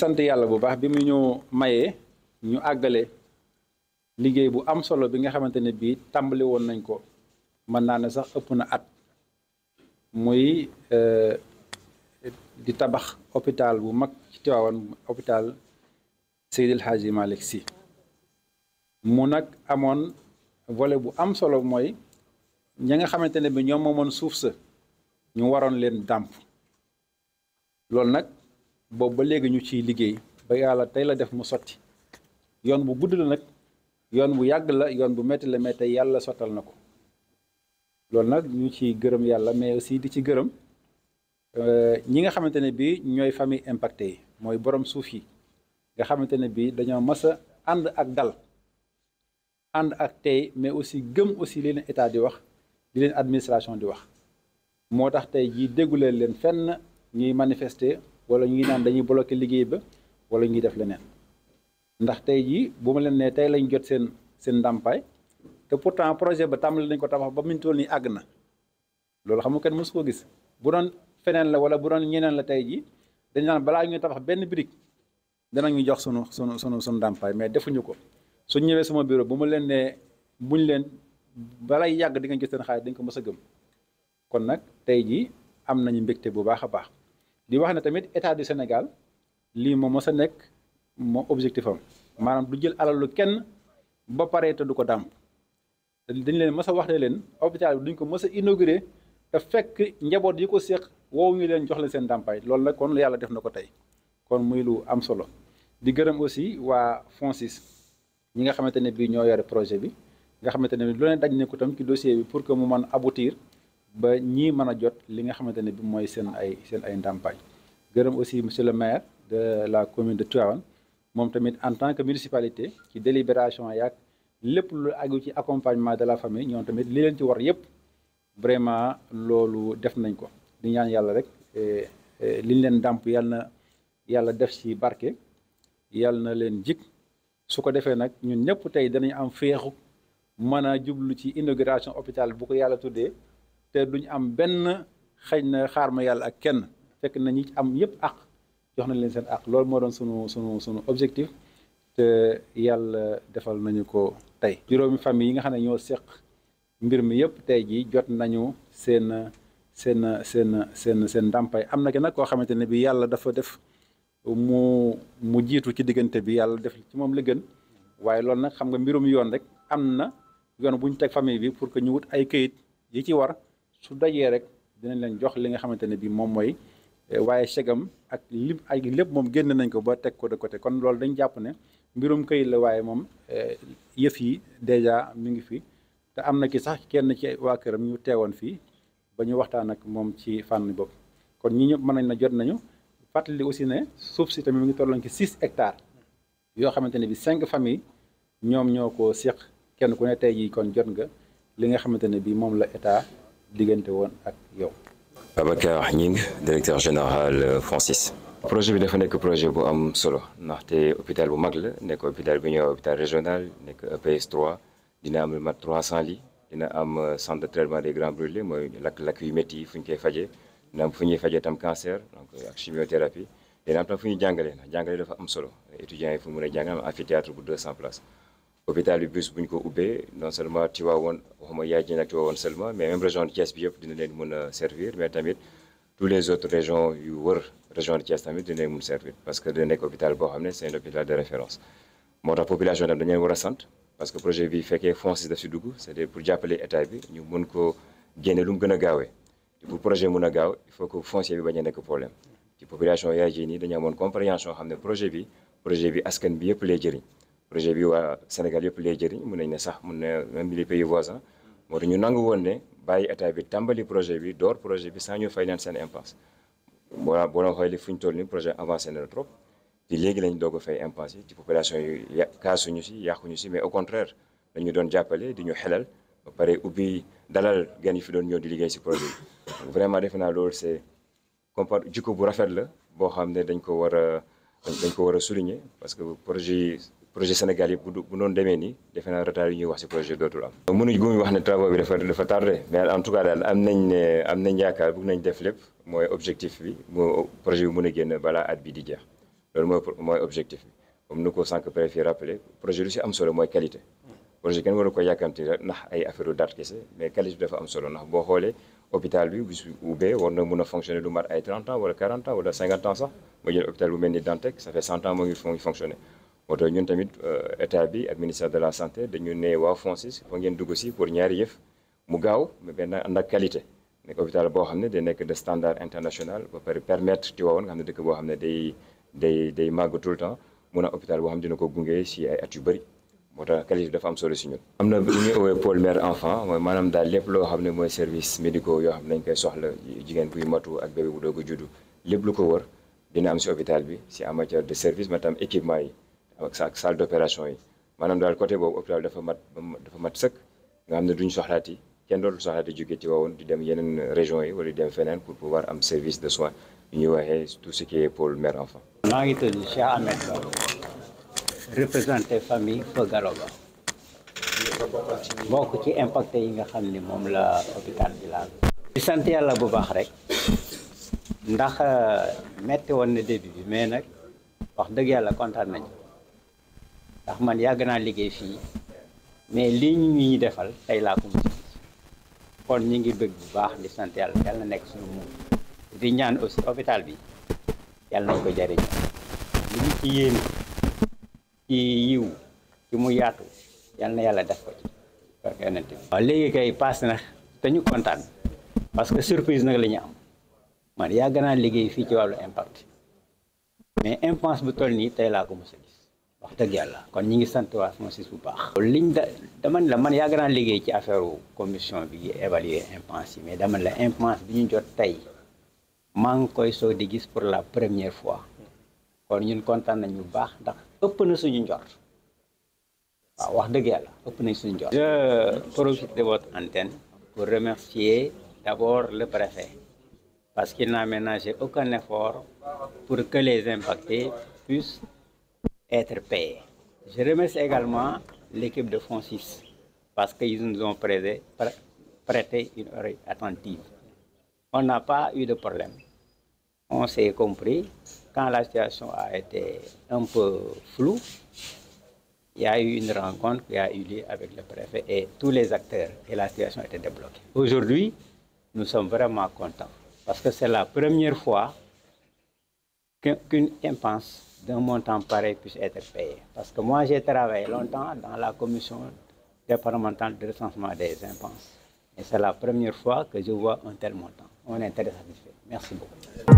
sant yàlla bu baax bi mu ñu mayee ñu àggale liggéey bu am solo bi nga xamante ne bii tàmbali woon nañ ko mën naa ne sax ëpp na at muy euh, di tabax hôpital bu mag ci Tivaouane hôpital Seydil Hadji Malick Sy mu nag amoon volet bu am solo mooy ñi nga xamante ne bi ñoom moomoon suuf sa ñu waroon leen dàmp loolu nag boobu ba léegi ñu ciy liggéey ba yàlla tey la def mu sotti yoon bu gudd la nag yoon bu yàgg la yoon bu metti la mais tey yàlla sottal na ko loolu nag ñu ci gërëm yàlla mais aussi di ci gërëm euh, ñi nga xamante ne bii ñooy famille impacté yi mooy borom suuf yi nga xamante ne bii dañoo mas a ànd ak dal ànd ak tey mais aussi gëm aussi li leen état di wax di leen administration di wax moo tax tey jii déggulee leen fenn ñuy manifester wala ñuy naan dañuy bloqué liggéey ba wala ñuy def leneen ndax tey jii bu ma leen nee tey lañ jot seen seen ndàmpaay te pourtant projet ba tàmbali nañ ko tabax ba mu toll nii àgg na loolu xam nga kenn mësu ko gis bu doon feneen la wala bu doon ñeneen la tey jii dañ naan balaa ñuy tabax benn brique ñu jox sunu sunu sunu sunu ndàmpaay mais defuñu ko suñ ñëwee sama bureau bu ma leen nee buñ leen balay yàgg dinga jot seen xaalis dañ ko mës a gëm kon nag tey jii am nañu mbégte bu baax a baax. di wax ne tamit état du Sénégal lii moom mos a nekk moom objectif am maanaam du jël alalu kenn ba pare te du ko dàmp dañ leen mos a wax ne leen hôpital bi duñ ko mos a inauguré te fekk njaboot yi ko séq woowu ñu leen jox leen seen ndàmpaay loolu nag kon yàlla def na ko tey kon muy lu am solo di gërëm aussi waa FONSIS ñi nga xamante ne bii ñoo yore projet bi nga xamante ne lu leen daj ne ko tam ci dossier bi pour que mu mën aboutir ba ñii mën a jot li nga xamante ne bi mooy seen ay seen ay ndàmpaay gërëm aussi monsieur le maire de la commune de Tivaouane moom tamit en tant que municipalité ci délibération yaag lépp lu aju ci accompagnement de la famille ñoo tamit li leen ci war yépp vraiment loolu def nañ ko di ñaan yàlla rek eh, eh, liñ leen ndàmp yàlla na yàlla def ci barke yàlla na leen jik su ko defee nag ñun ñëpp tey danañ am féexu mën a jublu ci inauguration hôpital bu ko yàlla tuddee te duñ am benn xëy na xaar ma yàlla ak kenn fekk nañu ñi am yëpp àq jox nañ leen seen àq loolu moo doon sunu sunu sunu objectif te yàlla defal nañu ko tey. juróomi famille yi nga xam ne ñoo seq mbir mi yëpp tey jii jot nañu seen seen seen seen seen ndàmpaay am na ki nag koo xamante ne bi yàlla dafa def mu mu jiitu ci diggante bi yàlla def ci moom la gën waaye loolu nag xam nga mbirum yoon rek am na yoon bu ñu teg famille bi pour que ñu wut ay këyit yi ci war. su dajee rek dinañ leen jox li nga xamante ne bii moom mooy eh, waaye chegam ak li ay lépp moom génne nañ ko ba teg ko de côté kon loolu dañ jàpp ne mbirum këyit la waaye moom eh, yëf yi dèjà mi ngi fi te am na ki sax kenn ci waa këram ñu teewoon fii ba ñu waxtaan ak moom ci fànn boobu kon ñi ñëpp mën nañ na jot nañu fàttali aussi ne suuf si tamit mi ngi tolloon ci six hectares yoo xamante ne bi cinq familles ñoom ñoo ko séq kenn ku ne tey jii kon jot nga li nga xamante ne bi moom la état diggante woon ak yow. Babacar Gning directeur général euh, Francis. projet bi dafa nekk projet bu am solo ndaxte hôpital bu mag la nekk hôpital bi ñëw hôpital régional nekk EPS 3 dina am lu mat 300 dina am euh, centre de traitement des grands brûlés mooy lakk lakk yu métti yi fu ñu koy fajee dina am fu ñuy fajee tam cancer donc euh, ak chimiothérapie dina am tam fu ñu jàngalee ndax jàngale dafa am solo étudiants yi fu mu mën a jàngale am amphithéâtre bu 200 places. hôpital bi bés bu ñu ko ubbee non seulement Tivaouane waxuma Yadieng ak Tivaouane seulement mais même région de Thiès bi yëpp dina leen mën a servir mais tamit tous les autres régions yu wër région de Thiès tamit dina leen mën servir parce que dina nekk hôpital boo xam ne c'est un hôpital de référence moo tax population tam dañu war a sant parce que projet bi fekkee fonds si daf si dugg cest à pour jàppale état bi ñu mën ko génne lu mu gën a gaawee pour projet a gaaw il faut que foncier bi bañ a nekk problème ne projet bi projet bi askan bi yëpp lay jëriñ projet bi waa Sénégal yëpp lay jëriñ mun nañ ne sax mun na même les pays voisins moo ñu nangu woon ne bàyyi état bi tàmbali projet bi door projet bi sans ñu seen impasse voilà boo doon xoolee fu ñu toll ni projet avancé na trop léegi lañ doog fay impasse yi ci population yi ya kaasuñu si yàquñu si mais au contraire dañu doon jàppale di ñu xelal ba pare ubbi dalal gan yi fi doon ñoo di liggéey si projet bi vraiment defe naa loolu c'est compar jikko bu rafet la boo xam ne dañ ko war a dañ ko war a souligner parce que projet projet Sénégal yëpp bu doon demee nii defe naa retard yi ñuy wax si projet dootul am. mënuñ gu ñu wax ne travaux bi dafa am at bi di jeex loolu mooy ko sànq préfet rappelé projet lu si am solo mooy qualité. projet kenn waru ko yàkkamti rek ndax ay affaire boo xoolee hôpital bi bu su ubbee war na mun a fonctionner lu mat ay 30 ans wala 40 ans wala 50 ans sax moo jël hôpital bu mel ni Dantec ça fait 100 ans moo ngi fonctionner moo tax ñun tamit euh, état bi ak ministère de la santé dañu ne waa FONSIS fa ngeen dugg si pour ñaari yëf mu gaaw mais benn ànd ak qualité nekk hôpital boo xam ne day nekk de standard ba pare permettre Tivaouane nga xam ne dëkk boo xam ne day day day màgg temps mun a boo xam ne dina ko gunge si ay yu bëri moo tax qualité dafa am solo si am na lu ñuy owee pôle mère enfant mooy maanaam daal lépp loo xam ne mooy service médicaux yoo xam ne dañ koy soxla jigéen buy matu ak bébé bu doog juddu lépp lu ko wër dina am si hôpital bi si en matière de service maanaam équipement yi. ak salle d'opération yi maanaam daal côté boobu hôpital dafa mat dafa mat sëkk nga xam ne duñ soxlaati kenn dootul soxlaati jóge ci waawoon di dem yeneen région yi wala di dem feneen pour pouvoir am service de soins yu ñuy waxee tout ce qui est pôle mère enfant. maa ngi tudd Cheikh Ahmed Ba représenté famille Feu Galoba bokk ci impacte yi nga xam ni moom la hôpital bi laal. di sant yàlla bu baax rek ndax euh, metti woon na début bi mais nag wax dëgg yàlla kontaan nañu. ndax man yàgg naa liggéey fii mais lii ñu ñuy defal tey laa ko mos kon ñu ngi bëgg bu baax di sant yàlla yàlla nekk suñu muum di hôpital bi yàlla nañ ko jariñ li ñu ci yéen ci yiw ci mu yaatu yàlla yàlla def ko ci barke léegi kay paas na te ñu kontaan parce que surprise nag la am man yàgg naa liggéey fii ci wàllu impact mais impasse bu toll nii tey laa ko mos wax dëgg yàlla kon ñu ngi sant waa SONSIS bu baax. liñ da dama la man yàgg naa liggéey ci affaire commission bi évaluer impenses yi mais dama ne la impense bi ñu jot tey maa ngi koy soog di gis pour la première fois kon ñun kontaan nañ bu baax ndax ëpp na suñu njort waaw wax dëgg yàlla ëpp nañ suñu njort. je profite de votre antenne pour remercier d'abord le préfet parce qu'il n'a ménagé aucun effort pour que les impactés puissent. être payés. Je remercie également l'équipe de Fonds 6 parce qu'ils nous ont prêté, prêté une oreille attentive. On n'a pas eu de problème. On s'est compris. Quand la situation a été un peu floue, il y a eu une rencontre qui a eu lieu avec le préfet et tous les acteurs et la situation a été débloquée. Aujourd'hui, nous sommes vraiment contents parce que c'est la première fois qu'une impense d'un montant pareil puisse être payée. Parce que moi, j'ai travaillé longtemps dans la commission départementale de recensement des impenses. Et c'est la première fois que je vois un tel montant. On est très satisfait. Merci beaucoup.